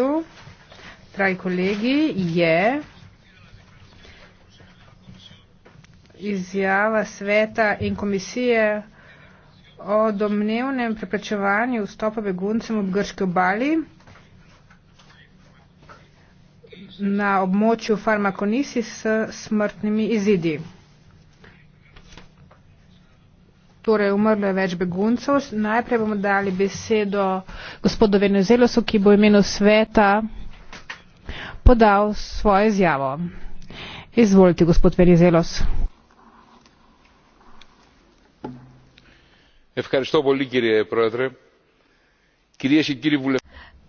mestu, dragi kolegi, je izjava sveta in komisije o domnevnem preprečevanju vstopa beguncem ob grški obali na območju farmakonisi s smrtnimi izidi. Torej, umrlo je več beguncev. Najprej bomo dali besedo gospodu Venezelosu, ki bo imenu sveta podal svojo izjavo. Izvolite, gospod Venezelos.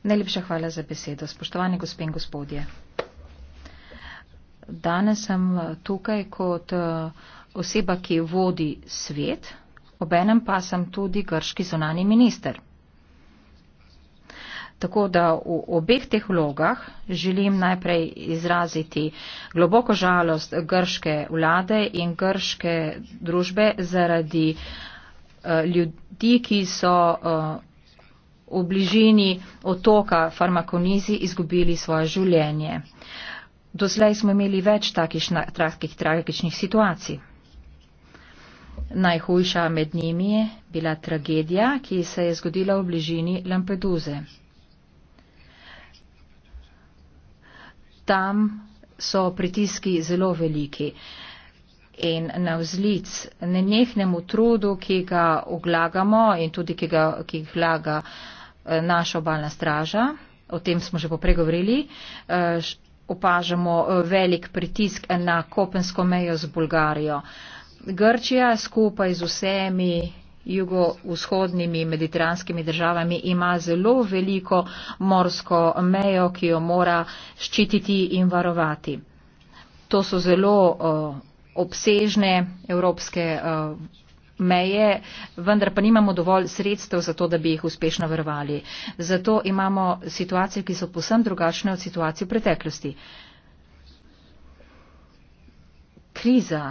Najlepša hvala za besedo. Spoštovani gospe in gospodje. Danes sem tukaj kot eh, oseba, ki vodi svet obenem pa sem tudi grški zonani minister. Tako da v obeh teh vlogah želim najprej izraziti globoko žalost grške vlade in grške družbe zaradi eh, ljudi, ki so eh, v bližini otoka Farmakonizi izgubili svoje življenje. Doslej smo imeli več takih tragičnih situacij. Najhujša med njimi je bila tragedija, ki se je zgodila v bližini Lampeduze. Tam so pritiski zelo veliki in na vzlic nenehnemu trudu, ki ga oglagamo in tudi ki ga ki vlaga eh, naša obalna straža, o tem smo že poprej govorili, eh, opažamo eh, velik pritisk na kopensko mejo z Bolgarijo. Grčija skupaj z vsemi jugovzhodnimi mediteranskimi državami ima zelo veliko morsko mejo, ki jo mora ščititi in varovati. To so zelo uh, obsežne evropske uh, meje, vendar pa nimamo dovolj sredstev za to, da bi jih uspešno varovali. Zato imamo situacije, ki so posem drugačne od situacij v preteklosti. Kriza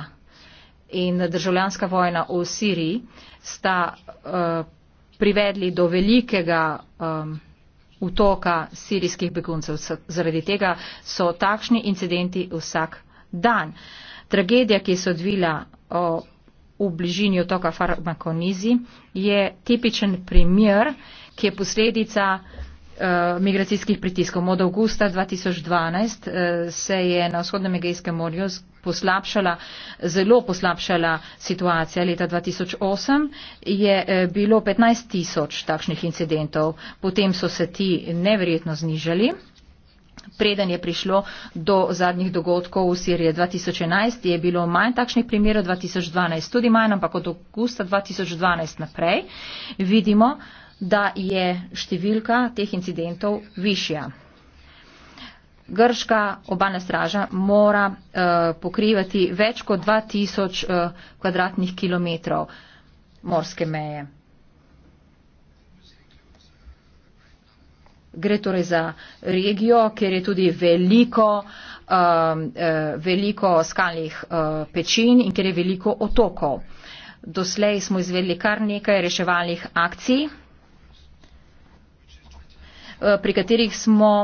in državljanska vojna v Siriji sta uh, privedli do velikega um, utoka sirijskih beguncev. Zaradi tega so takšni incidenti vsak dan. Tragedija, ki se odvila v bližini otoka Farmakonizi, je tipičen primer, ki je posledica eh, migracijskih pritiskov. Od avgusta 2012 se je na vzhodnem Egejskem morju poslabšala, zelo poslabšala situacija. Leta 2008 je eh, bilo 15 tisoč takšnih incidentov, potem so se ti neverjetno znižali. Preden je prišlo do zadnjih dogodkov v Siriji 2011, je bilo manj takšnih primerov, 2012 tudi manj, ampak od augusta 2012 naprej vidimo, da je številka teh incidentov višja grška obalna straža mora uh, pokrivati več kot 2000 uh, eh, kvadratnih kilometrov morske meje. Gre torej za regijo, kjer je tudi veliko, uh, uh, veliko skalnih uh, pečin in kjer je veliko otokov. Doslej smo izvedli kar nekaj reševalnih akcij, uh, pri katerih smo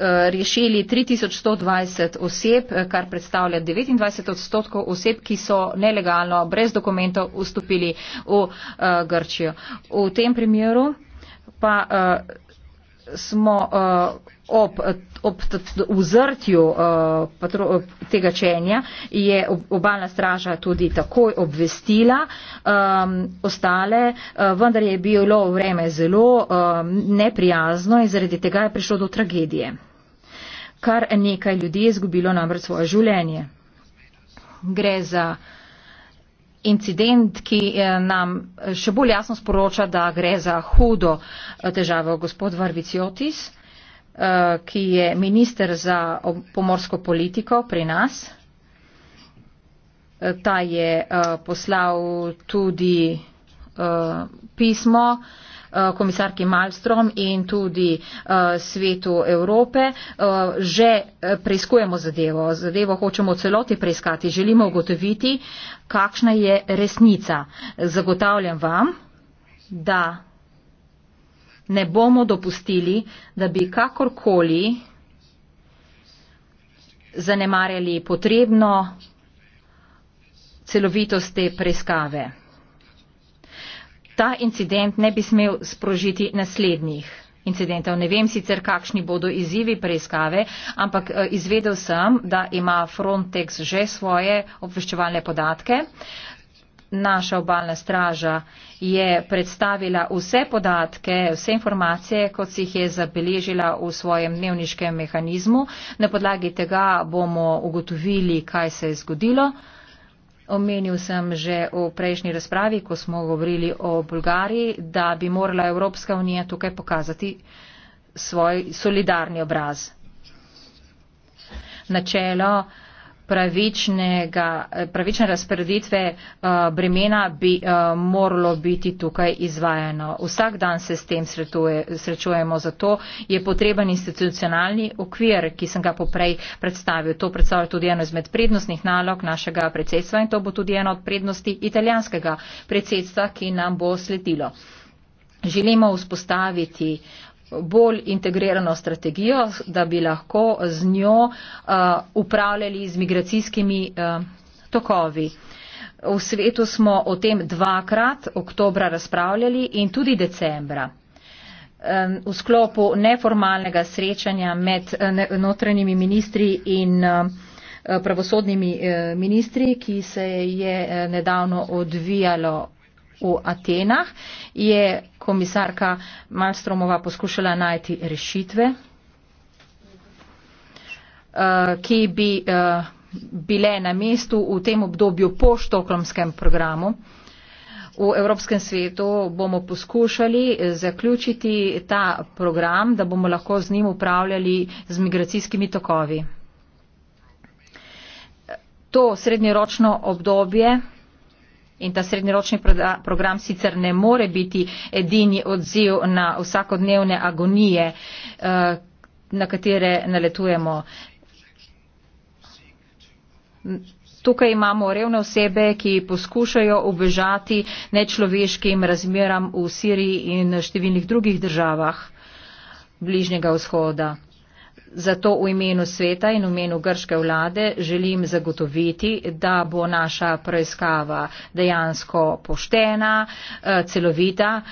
Eh, rešili 3120 oseb, eh, kar predstavlja 29 odstotkov oseb, ki so nelegalno, brez dokumentov, vstopili v eh, Grčijo. V tem primeru pa smo ob, ob vzrtju tega čenja je obalna straža tudi takoj obvestila ehm, ostale, vendar je bilo vreme zelo neprijazno in zaradi tega je prišlo do tragedije kar nekaj ljudi je izgubilo namreč svoje življenje. Gre za incident, ki eh, nam eh, še bolj jasno sporoča, da gre za hudo eh, težavo gospod Varviciotis, ki je minister za pomorsko politiko pri nas. Ta je poslal tudi pismo, Eh, komisarki Malmstrom in tudi eh, svetu Evrope. Eh, že preiskujemo zadevo, zadevo hočemo celoti preiskati, želimo ugotoviti, kakšna je resnica. Zagotavljam vam, da ne bomo dopustili, da bi kakorkoli zanemarjali potrebno celovitost te preiskave ta incident ne bi smel sprožiti naslednjih incidentov. Ne vem sicer, kakšni bodo izzivi preiskave, ampak eh, izvedel sem, da ima Frontex že svoje obveščevalne podatke. Naša obalna straža je predstavila vse podatke, vse informacije, kot si jih je zabeležila v svojem dnevniškem mehanizmu. Na podlagi tega bomo ugotovili, kaj se je zgodilo. Omenil sem že v prejšnji razpravi, ko smo govorili o Bulgariji, da bi morala Evropska unija tukaj pokazati svoj solidarni obraz. Načelo pravičnega, eh, pravične razporeditve eh, bremena bi eh, moralo biti tukaj izvajano. Vsak dan se s tem srečujemo, zato je potreben institucionalni okvir, ki sem ga poprej predstavil. To predstavlja tudi eno izmed prednostnih nalog našega predsedstva in to bo tudi ena od prednosti italijanskega predsedstva, ki nam bo sledilo. Želimo vzpostaviti uh, bolj integrirano strategijo, da bi lahko z njo eh, upravljali z migracijskimi eh, tokovi. V svetu smo o tem dvakrat, oktobra, razpravljali in tudi decembra v sklopu neformalnega srečanja med eh, notranjimi ministri in pravosodnimi ministri, ki se je nedavno odvijalo v Atenah, je komisarka Malstromova poskušala najti rešitve, eh, ki bi eh, bile na mestu v tem obdobju po štoklomskem programu. V Evropskem svetu bomo poskušali eh, zaključiti ta program, da bomo lahko z njim upravljali z migracijskimi tokovi. To srednjeročno obdobje In ta srednjeročni program sicer ne more biti edini odziv na vsakodnevne agonije, eh, na katere naletujemo. Tukaj imamo revne osebe, ki poskušajo obežati nečloveškim razmeram v Siriji in številnih drugih državah bližnjega vzhoda. Zato v imenu sveta in v imenu grške vlade želim zagotoviti, da bo naša preiskava dejansko poštena, eh, celovita.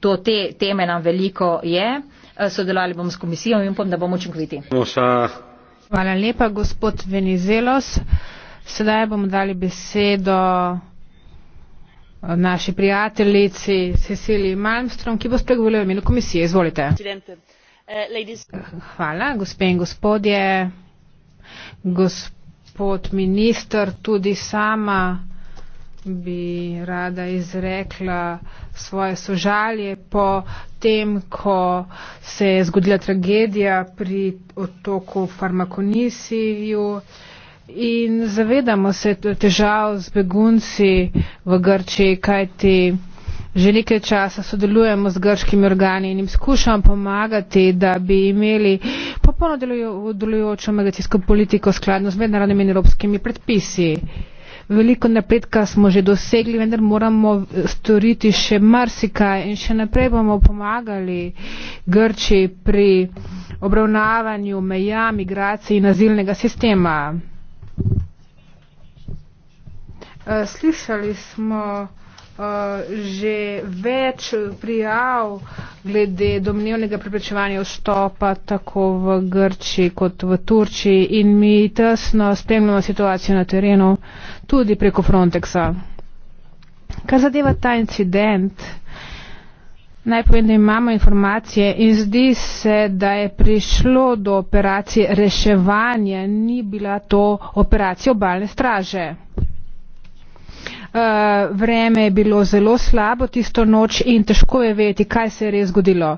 To te teme nam veliko je. Eh, Sodelali bomo s komisijo in upam, da bomo učinkoviti. Hvala lepa, gospod Venizelos. Sedaj bomo dali besedo eh, naši prijateljici Cecilii Malmström, ki bo spregovorila v imenu komisije. Izvolite. Presidente. Uh, Hvala, gospe in gospodje. Gospod minister, tudi sama bi rada izrekla svoje sožalje po tem, ko se je zgodila tragedija pri otoku Farmakonisiju in zavedamo se težav z begunci v Grčiji, kajti. Že nekaj časa sodelujemo z grškimi organi in jim skušam pomagati, da bi imeli popolno delujočo medicinsko politiko skladno z mednarodnimi in evropskimi predpisi. Veliko napredka smo že dosegli, vendar moramo storiti še marsikaj in še naprej bomo pomagali Grči pri obravnavanju meja, migracij in azilnega sistema. Eh, slišali smo Eh, že več prijav glede domnevnega preprečevanja vstopa tako v Grči kot v Turčiji in mi tesno spremljamo situacijo na terenu tudi preko Frontexa. Kar zadeva ta incident, naj povem, da imamo informacije in zdi se, da je prišlo do operacije reševanja, ni bila to operacija obalne straže. Eh, vreme je bilo zelo slabo tisto noč in težko je vedeti, kaj se je res zgodilo.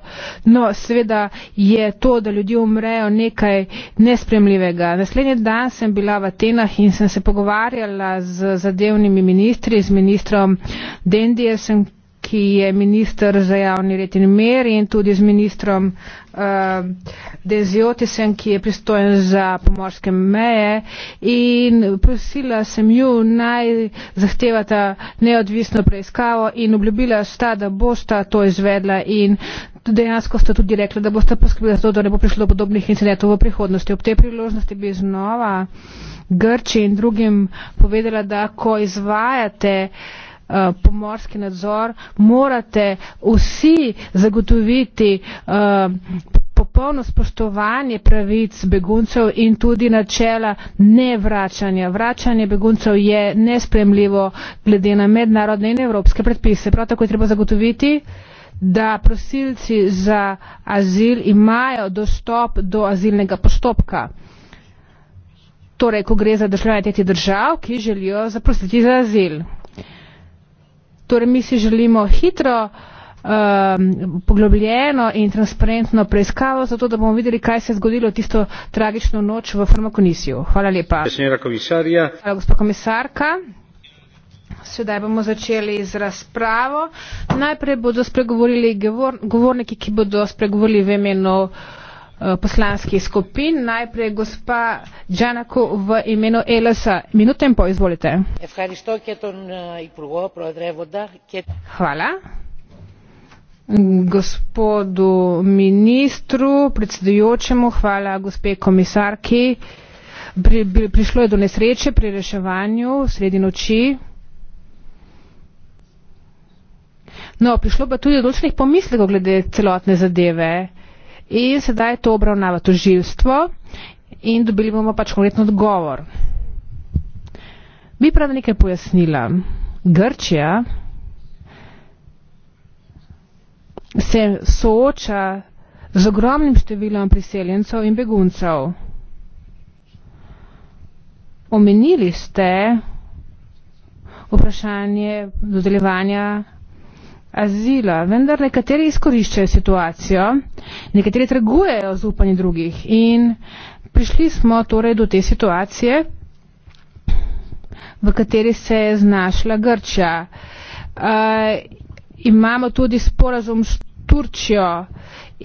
No, seveda je to, da ljudje umrejo, nekaj nespremljivega. Naslednji dan sem bila v Atenah in sem se pogovarjala z zadevnimi ministri, z ministrom Dendijem ki je ministr za javni red in mer in tudi z ministrom uh, eh, Denziotisem, ki je pristojen za pomorske meje. In prosila sem ju naj zahtevata neodvisno preiskavo in obljubila sta, da bosta to izvedla in dejansko sta tudi rekla, da bosta poskrbila za to, da ne bo prišlo do podobnih incidentov v prihodnosti. Ob tej priložnosti bi znova Grči in drugim povedala, da ko izvajate Eh, pomorski nadzor, morate vsi zagotoviti eh, popolno spoštovanje pravic beguncev in tudi načela nevračanja. Vračanje beguncev je nespremljivo glede na mednarodne in evropske predpise. Prav tako je treba zagotoviti, da prosilci za azil imajo dostop do azilnega postopka. Torej, ko gre za državljanje tretjih držav, ki želijo zaprositi za azil. Torej, mi si želimo hitro, um, poglobljeno in transparentno preiskavo, zato da bomo videli, kaj se je zgodilo tisto tragično noč v farmakonisiju. Hvala lepa. Hvala, gospod komisarka. Sedaj bomo začeli z razpravo. Najprej bodo spregovorili govorniki, ki bodo spregovorili v imenu. Eh, poslanskih skupin. Najprej gospa Džanaku v imenu Elasa. Minuto in pol, izvolite. Eh, hvala. Gospodu ministru, predsedujočemu, hvala gospe komisarki. Pri, pri, prišlo je do nesreče pri reševanju sredi noči. No, prišlo pa tudi do določenih pomislekov glede celotne zadeve. Uh, in sedaj to obravnava tožilstvo in dobili bomo pač konkreten odgovor. Bi prav nekaj pojasnila. Grčija se sooča z ogromnim številom priseljencev in beguncev. Omenili ste vprašanje dodeljevanja azila, vendar nekateri izkoriščajo situacijo, nekateri trgujejo z upanje drugih in prišli smo torej do te situacije, v kateri se je znašla Grča. Uh, imamo tudi sporazum Turčijo.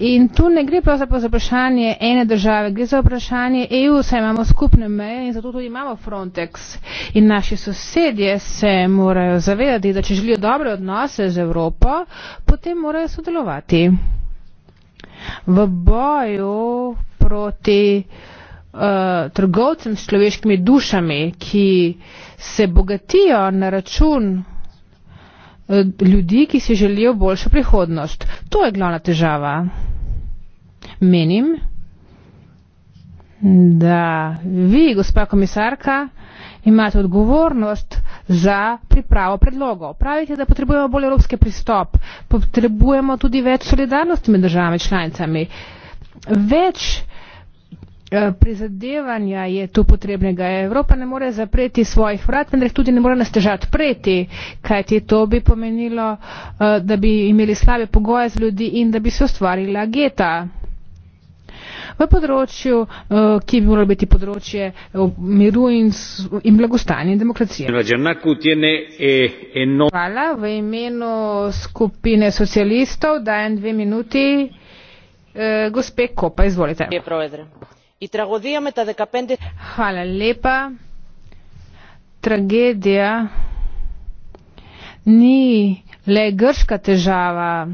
In tu ne gre pravzaprav za vprašanje ene države, gre za vprašanje EU, saj imamo skupne meje in zato tudi imamo Frontex. In naši sosedje se morajo zavedati, da če želijo dobre odnose z Evropo, potem morajo sodelovati. V boju proti uh, trgovcem s človeškimi dušami, ki se bogatijo na račun Eh, ljudi, ki si želijo boljšo prihodnost. To je glavna težava. Menim, da vi, gospa komisarka, imate odgovornost za pripravo predlogov. Pravite, da potrebujemo bolj evropski pristop, potrebujemo tudi več solidarnosti med državami članicami, več uh, Eh, prizadevanja je tu potrebnega. Evropa ne more zapreti svojih vrat, vendar tudi ne more nas težati preti, kajti to bi pomenilo, eh, da bi imeli slabe pogoje z ljudi in da bi se ustvarila geta. V področju, eh, ki bi moralo biti področje miru in blagostanja in demokracije. No- Hvala v imenu skupine socialistov. Dajem dve minuti. Gospe Kopa, izvolite tragedija med tragedija ni le grška težava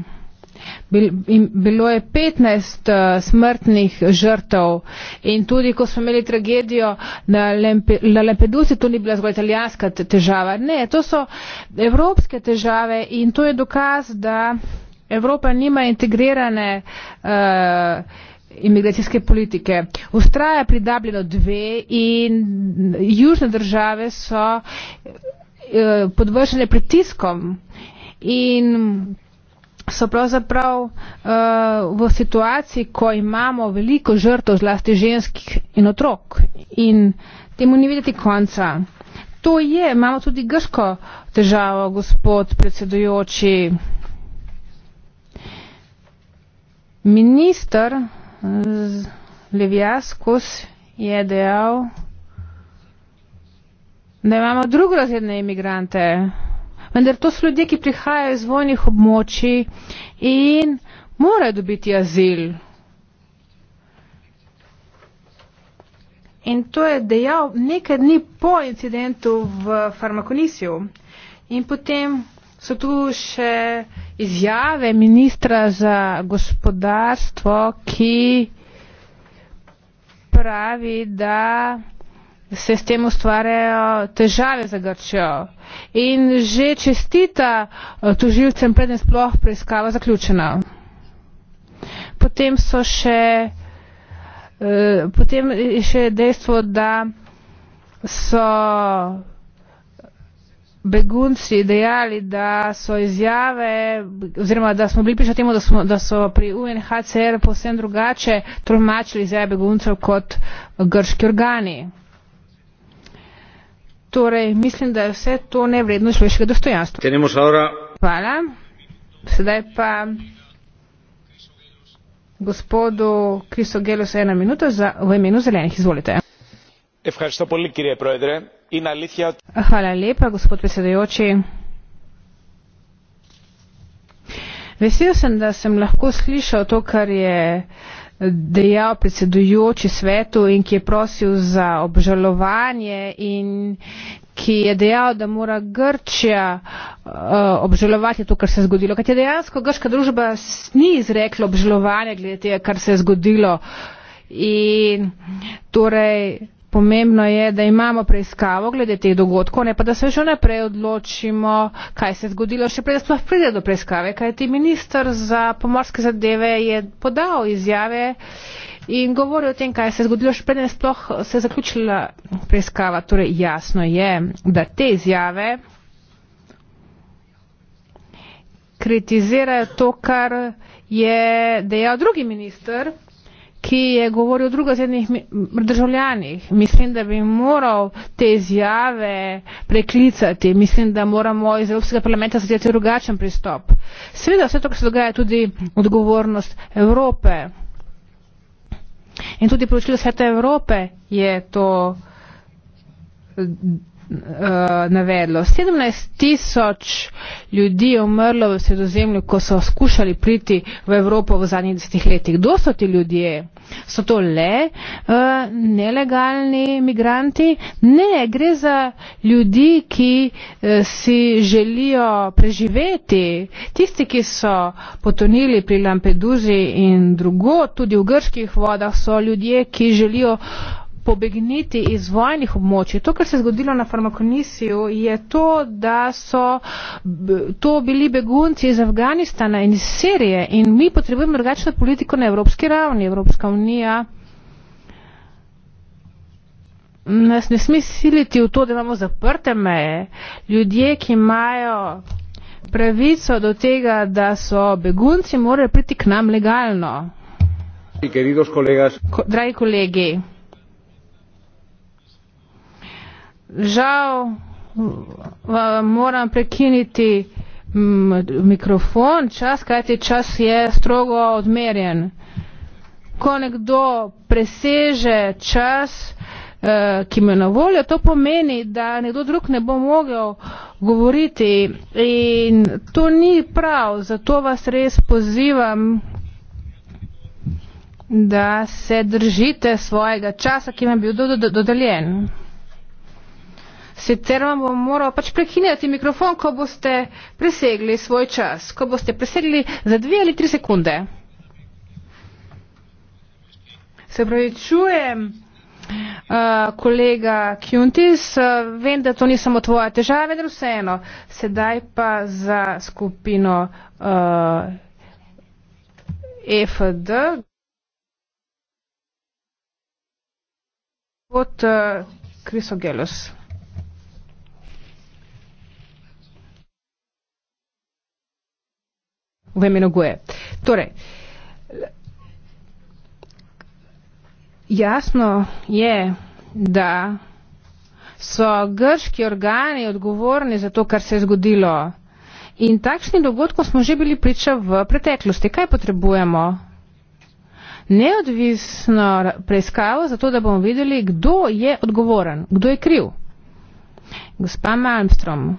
bilo je petnajst eh, smrtnih žrtev in tudi ko smo imeli tragedijo na lampeduzi to ni bila zgolj italijanska težava ne to so evropske težave in to je dokaz da evropa nima integrirane uh, imigracijske politike. Ustraja pri Dublinu dve in južne države so eh, podvržene pritiskom in so pravzaprav uh, v situaciji, ko imamo veliko žrtov, zlasti ženskih in otrok. In temu ni videti konca. To je, imamo tudi grško težavo, gospod predsedujoči. Ministr Leviaskus je dejal, da imamo drugorazredne imigrante, vendar to so ljudje, ki prihajajo iz vojnih območij in morajo dobiti azil. In to je dejal nekaj dni po incidentu v farmakonisiju. In potem So tu še izjave ministra za gospodarstvo, ki pravi, da se s tem ustvarjajo težave za Grčijo. In že čestita eh, tužilcem predne sploh preiskava zaključena. Potem so še, eh, potem še dejstvo, da so begunci dejali, da so izjave, oziroma da smo bili priča temu, da, smo, da so pri UNHCR povsem drugače tolmačili izjave beguncev kot grški organi. Torej, mislim, da je vse to nevredno človeškega dostojanstva. Hvala. Sedaj pa gospodu Kristo Gelu se ena minuta za, v imenu zelenih. Izvolite. Hvala, predsednik vesel sem da sem lahko slišal to kar je dejal predsedujoči svetu in ki je prosil za obžalovanje in ki je dejal, da mora Grčija uh, obžalovati to, kar se je zgodilo. Kaj je dejansko grška družba ni izrekla obžalovanja glede tega, kar se je zgodilo. In torej pomembno je, da imamo preiskavo glede teh dogodkov, ne pa da se že naprej odločimo, kaj se je zgodilo, še preden sploh pride do preiskave, kajti minister za pomorske zadeve je podal izjave in govoril o tem, kaj se je zgodilo, še preden sploh se je zaključila preiskava. Torej jasno je, da te izjave kritizirajo to, kar je dejal drugi minister ki je govoril o drugosednih državljanih. Mislim, da bi moral te izjave preklicati. Mislim, da moramo iz Evropskega parlamenta zadeti drugačen pristop. Seveda vse to, kar se dogaja, je tudi odgovornost Evrope. In tudi poročilo Sveta Evrope je to Eh, navedlo. 17 tisoč ljudi je umrlo v sredozemlju, ko so skušali priti v Evropo v zadnjih desetih letih. Kdo so ti ljudje? So to le uh, nelegalni migranti? Ne, gre za ljudi, ki uh, si želijo preživeti. Tisti, ki so potonili pri Lampeduzi in drugo, tudi v grških vodah, so ljudje, ki želijo pobegniti iz vojnih območij. To, kar se je zgodilo na farmakonisiju, je to, da so to bili begunci iz Afganistana in iz Sirije in mi potrebujemo drugačno politiko na evropski ravni. Evropska unija nas ne sme siliti v to, da imamo zaprte meje. Ljudje, ki imajo pravico do tega, da so begunci, morajo priti k nam legalno. Dragi kolegi, Žal moram prekiniti mikrofon, čas, kajti čas je strogo odmerjen. Ko nekdo preseže čas, eh, ki mi je na voljo, to pomeni, da nekdo drug ne bo mogel govoriti in to ni prav, zato vas res pozivam, da se držite svojega časa, ki vam je bil dodeljen. Do do do do do do do Sicer vam bom moral pač prekinjati mikrofon, ko boste presegli svoj čas, ko boste presegli za dve ali tri sekunde. Se pravi, čujem uh, kolega Kjuntis, uh, vem, da to ni samo tvoja težava, vendar vseeno, sedaj pa za skupino uh, eh, FD. Kot uh, Krisogelos. vemenoguje. Torej, jasno je, da so grški organi odgovorni za to, kar se je zgodilo. In takšni dogodki smo že bili priča v preteklosti. Kaj potrebujemo? Neodvisno preiskavo, zato da bomo videli, kdo je odgovoren, kdo je kriv. Gospa Malmström,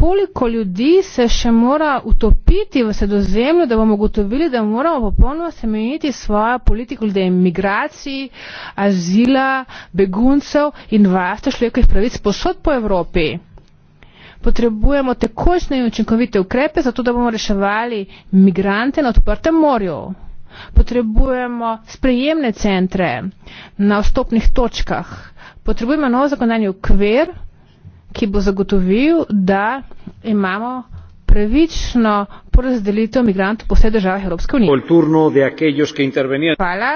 koliko ljudi se še mora utopiti v sredozemlju, da bomo ugotovili, da moramo popolnoma spremeniti svojo politiko glede imigracij, azila, beguncev in varstva človekovih pravic posod po Evropi. Potrebujemo tekočne in učinkovite ukrepe, zato da bomo reševali imigrante na odprtem morju. Potrebujemo sprejemne centre na vstopnih točkah. Potrebujemo novo zakonanje ukver, ki bo zagotovil, da imamo pravično porazdelitev migrantov po vseh državah Evropske unije. Hvala.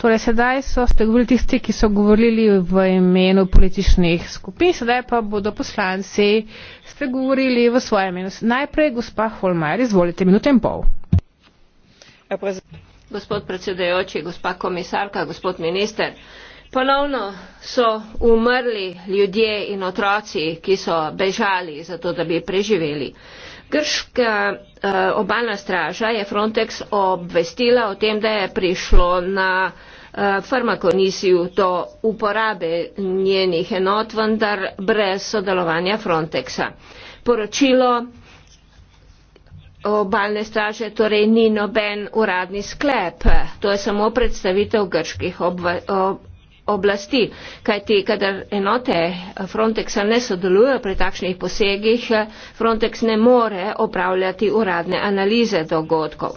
Torej, sedaj so ste govorili tisti, ki so govorili v imenu političnih skupin, sedaj pa bodo poslanci ste govorili v svojem imenu. Najprej gospa Holmajer, izvolite minuto in pol. Gospod predsedajoči, gospa komisarka, gospod minister. Ponovno so umrli ljudje in otroci, ki so bežali, zato da bi preživeli. Grška eh, obalna straža je Frontex obvestila o tem, da je prišlo na eh, farmakonisiju do uporabe njenih enot, vendar brez sodelovanja Frontexa. Poročilo obalne straže torej ni noben uradni sklep, to je samo predstavitev grških obvestil. Ob oblasti. Kajti, kadar enote Frontexa ne sodelujo pri takšnih posegih, Frontex ne more opravljati uradne analize dogodkov.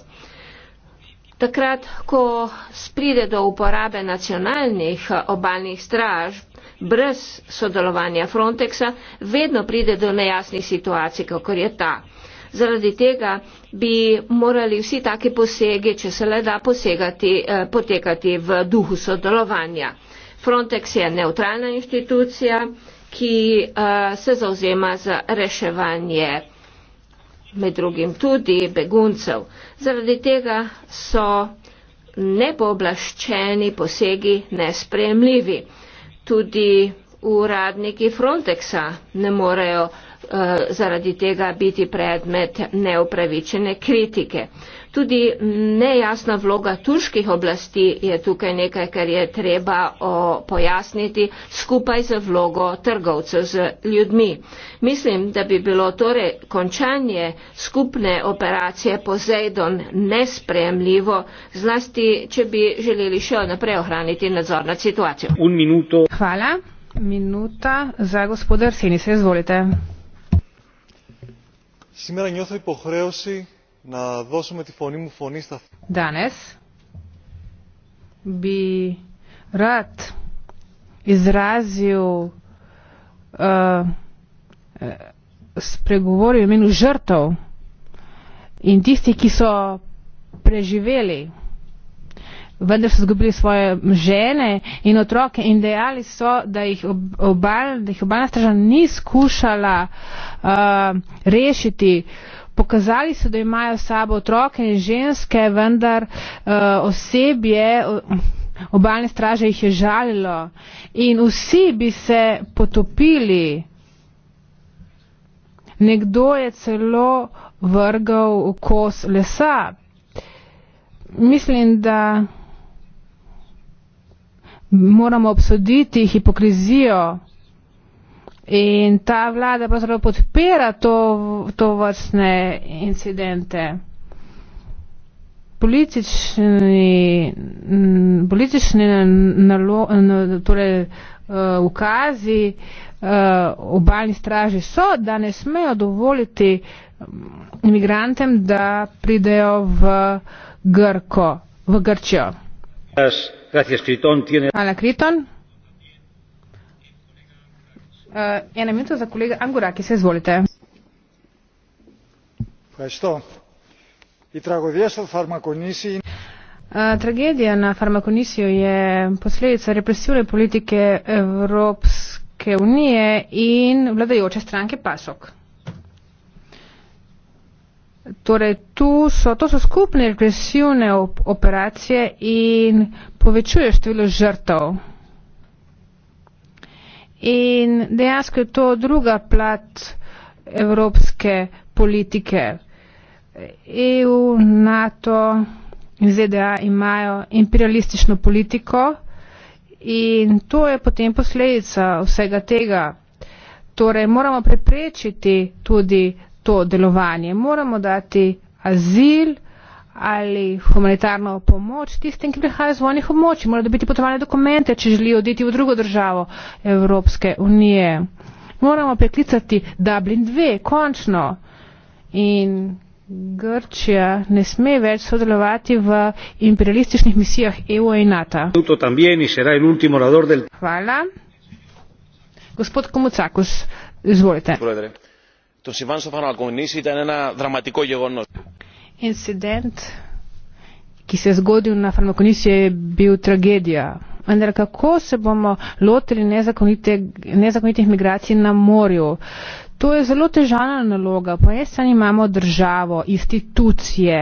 Takrat, ko spride do uporabe nacionalnih obalnih straž brez sodelovanja Frontexa, vedno pride do nejasnih situacij, kako je ta. Zaradi tega bi morali vsi take posege, če se le da posegati, eh, potekati v duhu sodelovanja. Frontex je neutralna institucija, ki uh, se zauzema za reševanje med drugim tudi beguncev. Zaradi tega so nepooblaščeni posegi nespremljivi. Tudi uradniki Frontexa ne morejo Eh, zaradi tega biti predmet neupravičene kritike. Tudi nejasna vloga turških oblasti je tukaj nekaj, kar je treba pojasniti skupaj z vlogo trgovcev z ljudmi. Mislim, da bi bilo torej končanje skupne operacije Pozejdon nespremljivo, zlasti, če bi želeli še naprej ohraniti nadzor nad situacijo. Hvala. Minuta za gospoda Arsenisa, izvolite. Σήμερα νιώθω υποχρέωση να δώσω με τη φωνή μου φωνή στα Danes bi rad izrazil uh, spregovoril imenu žrtov in tisti, ki so preživeli vendar so izgubili svoje žene in otroke in dejali so, da jih, obal, da jih obalna straža ni skušala uh, rešiti. Pokazali so, da imajo sabo otroke in ženske, vendar uh, osebje uh, obalne straže jih je žalilo in vsi bi se potopili. Nekdo je celo vrgal kos lesa. Mislim, da moramo obsoditi hipokrizijo in ta vlada pravzaprav podpira to, to vrstne incidente. Politični, m, politični nalo, n, torej, uh, ukazi uh, obaljni straži so, da ne smejo dovoliti imigrantem, da pridejo v, Grko, v Grčjo tragedija na farmakonisiju je posledica represivne politike evropske unije in vladajoče stranke pasok torej tu so, to so skupne represivne op operacije in povečuje število žrtev. In dejansko je to druga plat evropske politike. EU, NATO in ZDA imajo imperialistično politiko in to je potem posledica vsega tega. Torej moramo preprečiti tudi to delovanje. Moramo dati azil ali humanitarno pomoč tistim, ki prihajajo z vojnih območij. Morajo biti potovane dokumente, če želijo oditi v drugo državo Evropske unije. Moramo preklicati Dublin 2, končno. In Grčija ne sme več sodelovati v imperialističnih misijah EU in NATO. Hvala. Gospod Komucakus, izvolite. Hvala το συμβάν στο Φανακονήσι ήταν ένα δραματικό γεγονό. Incident ki se je zgodil na Farmakonisi, je bil tragedija. Vendar kako se bomo lotili nezakonite, nezakonitih migracij na morju? To je zelo težana naloga. Po eni strani imamo državo, institucije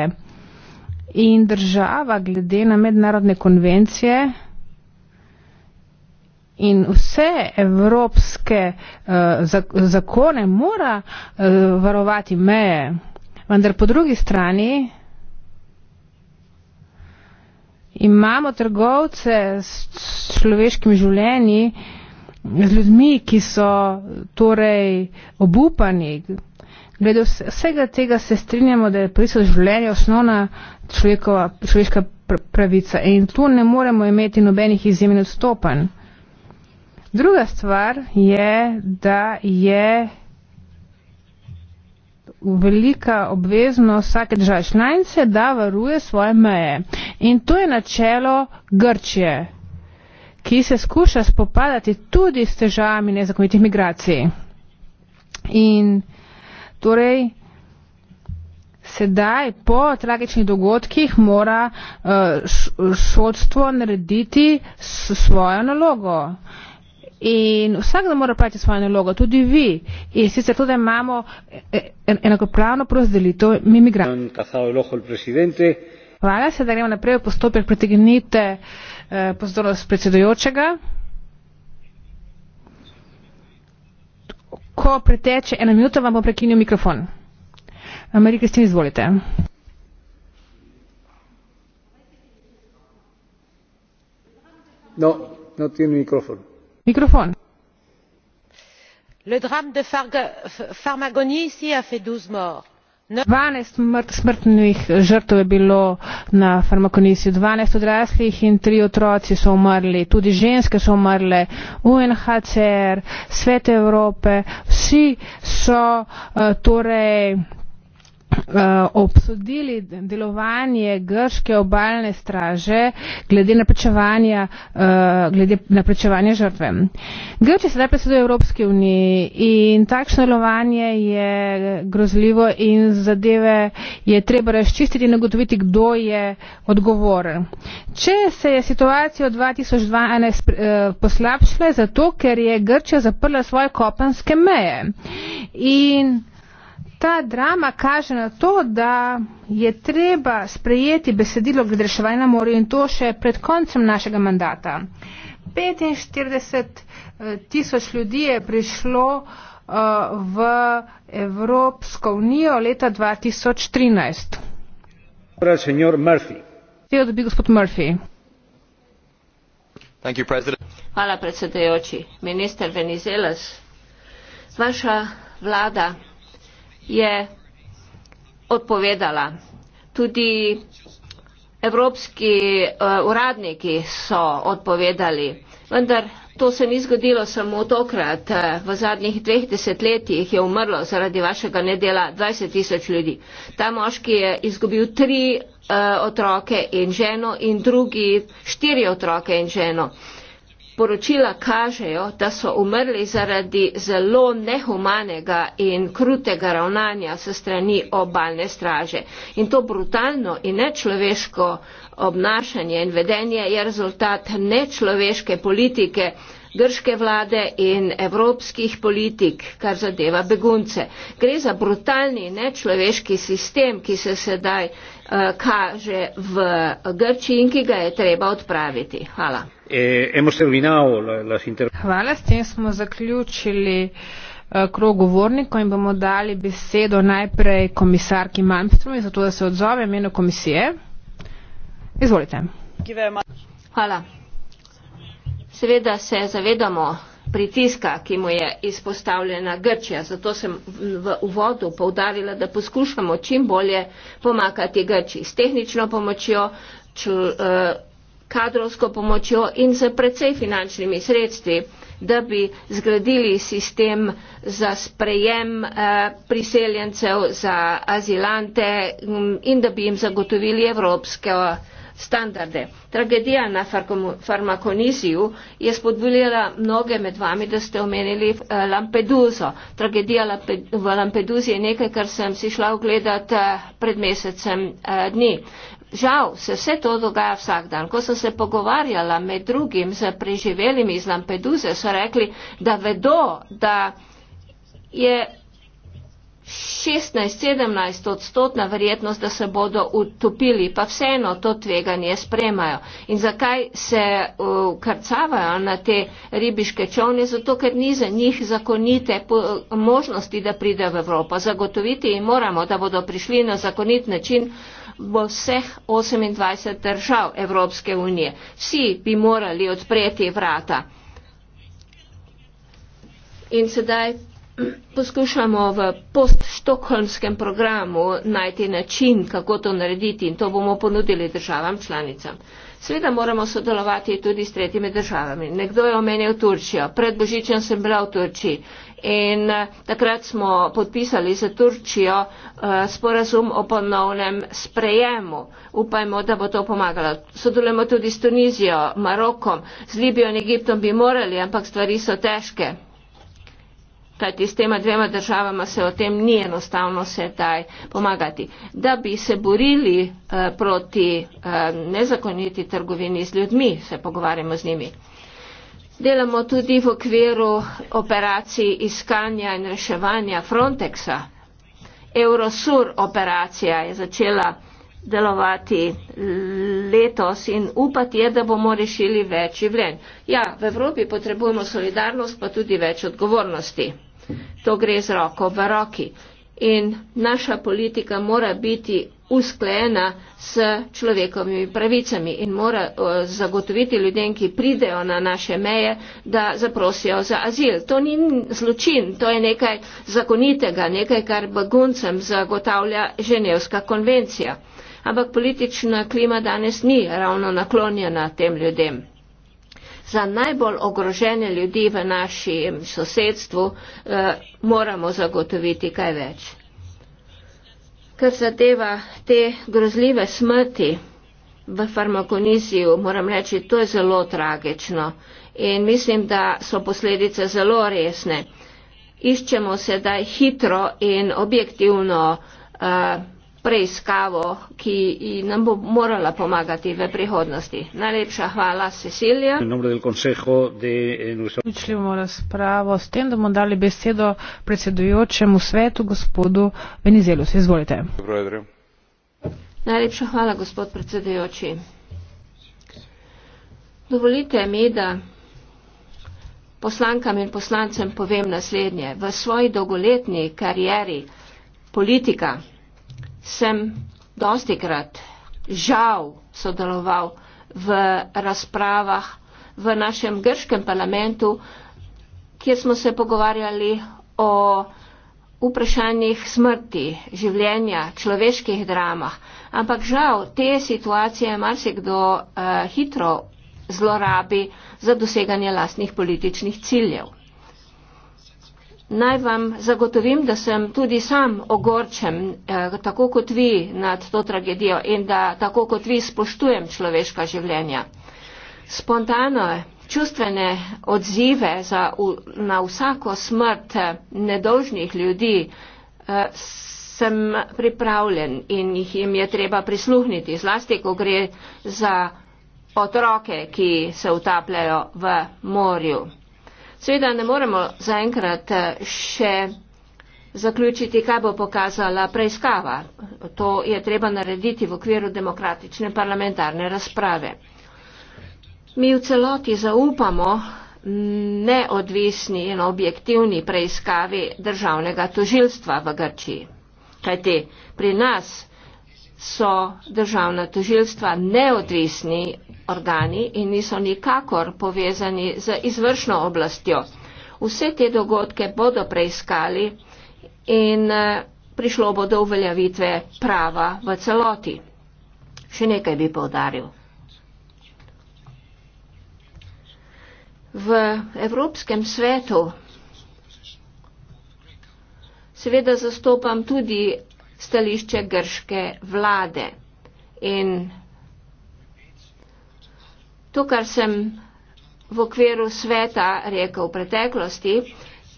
in država glede na mednarodne konvencije in vse evropske eh, zakone mora eh, varovati meje. Vendar po drugi strani imamo trgovce s človeškim življenji, z ljudmi, ki so torej obupani. Glede vsega tega se strinjamo, da je pravica življenja osnovna človeka, človeška pravica in tu ne moremo imeti nobenih izjemnih odstopanj. Druga stvar je, da je velika obveznost vsake države članice, da varuje svoje meje. In to je načelo Grčije, ki se skuša spopadati tudi s težavami nezakonitih migracij. In torej sedaj po tragičnih dogodkih mora uh, sodstvo narediti svojo nalogo. In vsak da mora plačati svojo nalogo, tudi vi. In sicer to, da imamo e, e, enakopravno porazdelitev imigrantov. Hvala, sedaj gremo naprej v postopek, pritegnite eh, pozornost predsedujočega. Ko preteče ena minuta, vam bom prekinil mikrofon. Amerika, s tem izvolite. No, no, ti mikrofon le drame de farmagonji ici a fait douze morts. dvanajst smrtnih žrtev je bilo na farmakonisi dvanajst odraslih in tri otroci so umrli tudi ženske so umrle unhcr svet evrope vsi so eh, torej Eh, obsodili delovanje grške obalne straže glede naprečevanja, eh, glede naprečevanja žrtve. Grče sedaj predseduje Evropske unije in takšno delovanje je grozljivo in zadeve je treba razčistiti in ugotoviti, kdo je odgovoren. Če se je situacija od 2012 eh, poslabšala, je zato, ker je Grče zaprla svoje kopenske meje. In ta drama kaže na to, da je treba sprejeti besedilo glede reševanja na morju in to še pred koncem našega mandata. 45 eh, tisoč ljudi je prišlo uh, v Evropsko unijo leta 2013. Hvala, gospod Murphy. Thank you, Hvala, predsedujoči. Minister Venizelas, vaša vlada je odpovedala. Tudi evropski uh, uradniki so odpovedali, vendar to se ni zgodilo samo tokrat. Eh, v zadnjih dveh desetletjih je umrlo zaradi vašega nedela 20 tisoč ljudi. Ta moški je izgubil tri uh, otroke in ženo in drugi štiri otroke in ženo. Uh, Poročila kažejo, da so umrli zaradi zelo nehumanega in krutega ravnanja se strani obalne straže. In to brutalno in nečloveško obnašanje in vedenje je rezultat nečloveške politike grške vlade in evropskih politik, kar zadeva begunce. Gre za brutalni nečloveški sistem, ki se sedaj uh, kaže v Grčiji in ki ga je treba odpraviti. Hvala. Eh, Hvala. S tem smo zaključili eh, krog govornikov in bomo dali besedo najprej komisarki Malmstrom, zato da se odzove imeno komisije. Izvolite. Hvala. Seveda se zavedamo pritiska, ki mu je izpostavljena Grčija. Zato sem v uvodu povdarila, da poskušamo čim bolje pomakati Grčiji s tehnično pomočjo. Čl, uh, kadrovsko pomočjo in z precej finančnimi sredstvi, da bi zgradili sistem za sprejem eh, priseljencev, za azilante mm, in da bi jim zagotovili evropske eh, standarde. Tragedija na farmakoniziju je spodbudila mnoge med vami, da ste omenili eh, Lampeduzo. Tragedija v Lampeduzi je nekaj, kar sem si šla ogledati pred mesecem dni. Žal se vse to dogaja vsak dan. Ko sem se pogovarjala med drugim z preživelimi iz Lampeduze, so rekli, da vedo, da je 16-17 odstotna verjetnost, da se bodo utopili, pa vseeno to tveganje spremajo. In zakaj se ukrcavajo uh, na te ribiške čovne? Zato, ker ni za njih zakonite možnosti, da pride v Evropo. Zagotoviti jim moramo, da bodo prišli na zakonit način v vseh 28 držav Evropske unije. Vsi bi morali odpreti vrata. In sedaj poskušamo v poststokholmskem programu najti način, kako to narediti in to bomo ponudili državam članicam. Seveda moramo sodelovati tudi s tretjimi državami. Nekdo je omenil Turčijo. Pred Božičem sem bila v Turčiji in eh, takrat smo podpisali za Turčijo eh, sporazum o ponovnem sprejemu. Upajmo, da bo to pomagalo. Sodelujemo tudi s Tunizijo, Marokom, z Libijo in Egiptom bi morali, ampak stvari so težke kajti s tema dvema državama se o tem ni enostavno sedaj pomagati. Da bi se borili uh, proti uh, nezakoniti trgovini z ljudmi, se pogovarjamo z njimi. Delamo tudi v okviru operacij iskanja in reševanja Frontexa. Eurosur operacija je začela delovati letos in upati je, da bomo rešili več življenj. Ja, v Evropi potrebujemo solidarnost, pa tudi več odgovornosti. To gre z roko v roki. In naša politika mora biti usklajena s človekovimi pravicami in mora zagotoviti ljudem, ki pridejo na naše meje, da zaprosijo za azil. To ni zločin, to je nekaj zakonitega, nekaj, kar beguncem zagotavlja Ženevska konvencija. Ampak politična klima danes ni ravno naklonjena tem ljudem za najbolj ogrožene ljudi v našem sosedstvu eh, moramo zagotoviti kaj več. Kar zadeva te grozljive smrti v farmakoniziju, moram reči, to je zelo tragično in mislim, da so posledice zelo resne. Iščemo se, da je hitro in objektivno uh, preiskavo, ki nam bo morala pomagati v prihodnosti. Najlepša hvala, Cecilija. Eh, Zaključujemo razpravo s tem, da bomo dali besedo predsedujočemu svetu, gospodu Venizelu. Izvolite. Najlepša hvala, gospod predsedujoči. Dovolite mi, da poslankam in poslancem povem naslednje. V svoji dolgoletni karieri politika sem dosti krat žal sodeloval v razpravah v našem grškem parlamentu, kjer smo se pogovarjali o vprašanjih smrti, življenja, človeških dramah. Ampak žal te situacije marsikdo uh, hitro zlorabi za doseganje lastnih političnih ciljev. Naj vam zagotovim, da sem tudi sam ogorčen, eh, tako kot vi, nad to tragedijo in da tako kot vi spoštujem človeška življenja. Spontano čustvene odzive za, u, na vsako smrt nedožnih ljudi eh, sem pripravljen in jih jim je treba prisluhniti, zlasti, ko gre za otroke, ki se utapljajo v morju. Seveda ne moremo zaenkrat eh, še zaključiti, kaj bo pokazala preiskava. To je treba narediti v okviru demokratične parlamentarne razprave. Mi v celoti zaupamo neodvisni in objektivni preiskavi državnega tožilstva v Grčiji. Kajti pri nas so državna tožilstva neodvisni organi in niso nikakor povezani z izvršno oblastjo. Vse te dogodke bodo preiskali in eh, prišlo bo do uveljavitve prava v celoti. Še nekaj bi povdaril. V Evropskem svetu seveda zastopam tudi stališče grške vlade. In to, kar sem v okviru sveta rekel v preteklosti,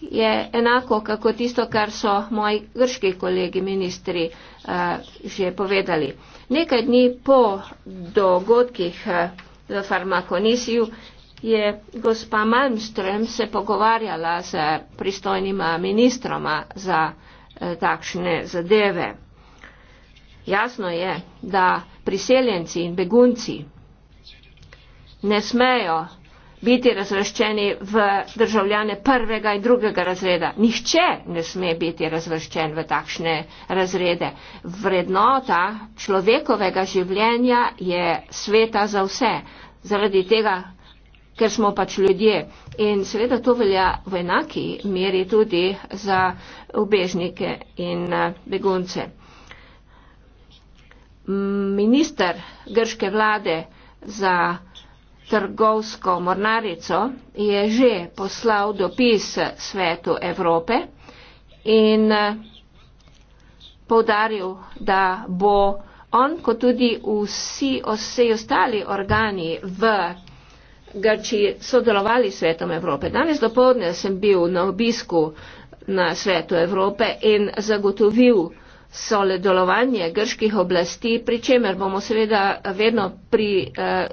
je enako, kako tisto, kar so moji grški kolegi ministri uh, že povedali. Nekaj dni po dogodkih uh, v farmakonisiju je gospa Malmström se pogovarjala z pristojnima ministroma za uh, Eh, takšne zadeve. Jasno je, da priseljenci in begunci ne smejo biti razvrščeni v državljane prvega in drugega razreda. Nihče ne sme biti razvrščen v takšne razrede. Vrednota človekovega življenja je sveta za vse. Zaradi tega ker smo pač ljudje. In seveda to velja v enaki meri tudi za obežnike in eh, begunce. Minister grške vlade za trgovsko mornarico je že poslal dopis svetu Evrope in eh, povdaril, da bo on, kot tudi vsi, vsi ostali organi v Grčiji sodelovali s Svetom Evrope. Danes dopoledne sem bil na obisku na Svetu Evrope in zagotovil sodelovanje grških oblasti, pri čemer bomo seveda vedno pri, uh,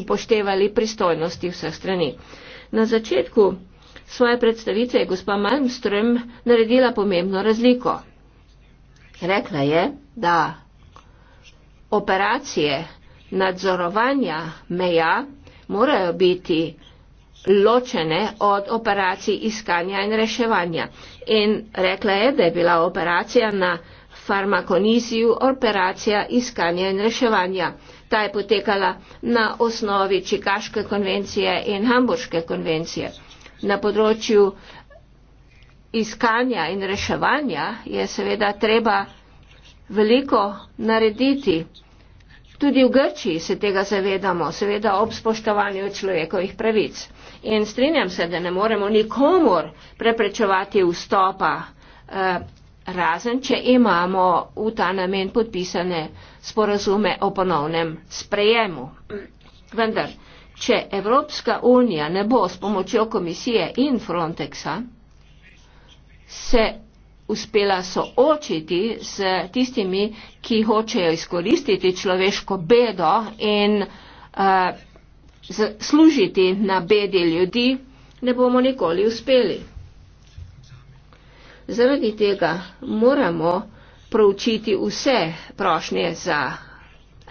upoštevali pristojnosti vseh strani. Na začetku svoje predstavitve je gospa Malmström naredila pomembno razliko. Rekla je, da operacije nadzorovanja meja morajo biti ločene od operacij iskanja in reševanja. In rekla je, da je bila operacija na farmakoniziju operacija iskanja in reševanja. Ta je potekala na osnovi Čikaške konvencije in Hamburške konvencije. Na področju iskanja in reševanja je seveda treba veliko narediti. Tudi v Grčiji se tega zavedamo, seveda ob spoštovanju človekovih pravic. In strinjam se, da ne moremo nikomor preprečevati vstopa, eh, razen če imamo v ta namen podpisane sporazume o ponovnem sprejemu. Vendar, če Evropska unija ne bo s pomočjo komisije in Frontexa, se uspela soočiti s tistimi, ki hočejo izkoristiti človeško bedo in uh, eh, služiti na bedi ljudi, ne bomo nikoli uspeli. Zaradi tega moramo proučiti vse prošnje za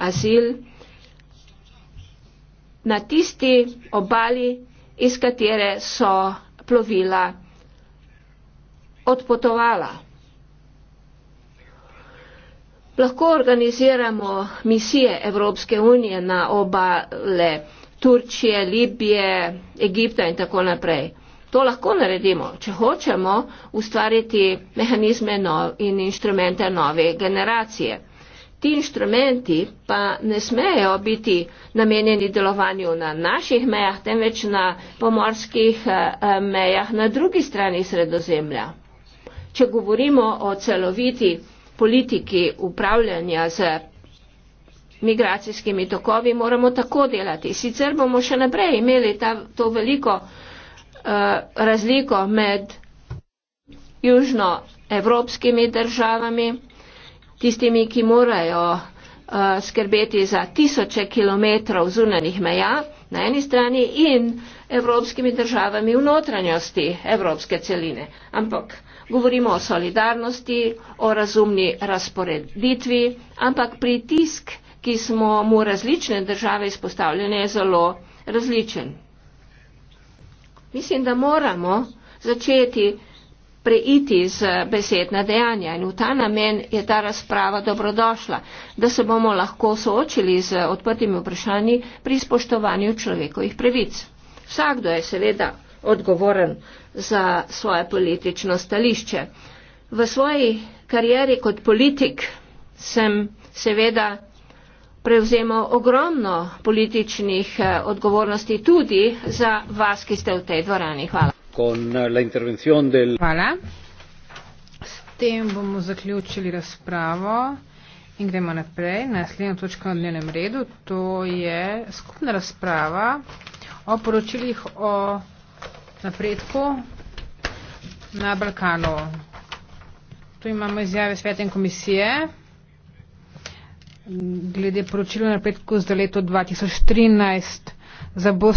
azil na tisti obali, iz katere so plovila odpotovala. Lahko organiziramo misije Evropske unije na obale Turčije, Libije, Egipta in tako naprej. To lahko naredimo, če hočemo ustvariti mehanizme no-, in inštrumente nove generacije. Ti inštrumenti pa ne smejo biti namenjeni delovanju na naših mejah, temveč na pomorskih eh, mejah na drugi strani sredozemlja. Če govorimo o celoviti politiki upravljanja z migracijskimi tokovi, moramo tako delati. Sicer bomo še naprej imeli ta, to veliko uh, razliko med južnoevropskimi državami, tistimi, ki morajo uh, skrbeti za tisoče kilometrov zunanih meja na eni strani in evropskimi državami v notranjosti evropske celine. Ampak govorimo o solidarnosti, o razumni razporeditvi, ampak pritisk, ki smo mu različne države izpostavljene, je zelo različen. Mislim, da moramo začeti preiti z besed na dejanja in v ta namen je ta razprava dobrodošla, da se bomo lahko soočili z odprtimi vprašanji pri spoštovanju človekovih pravic. Vsakdo je seveda odgovoren za svoje politično stališče. V svoji karieri kot politik sem seveda prevzemal ogromno političnih eh, odgovornosti tudi za vas, ki ste v tej dvorani. Hvala con eh, la intervención del. Hvala. S tem bomo zaključili razpravo in gremo naprej. Naslednja točka na dnevnem redu, to je skupna razprava o poročilih o napredku na Balkanu. Tu imamo izjave svetem komisije glede poročila napredku za leto 2013 za Bosno.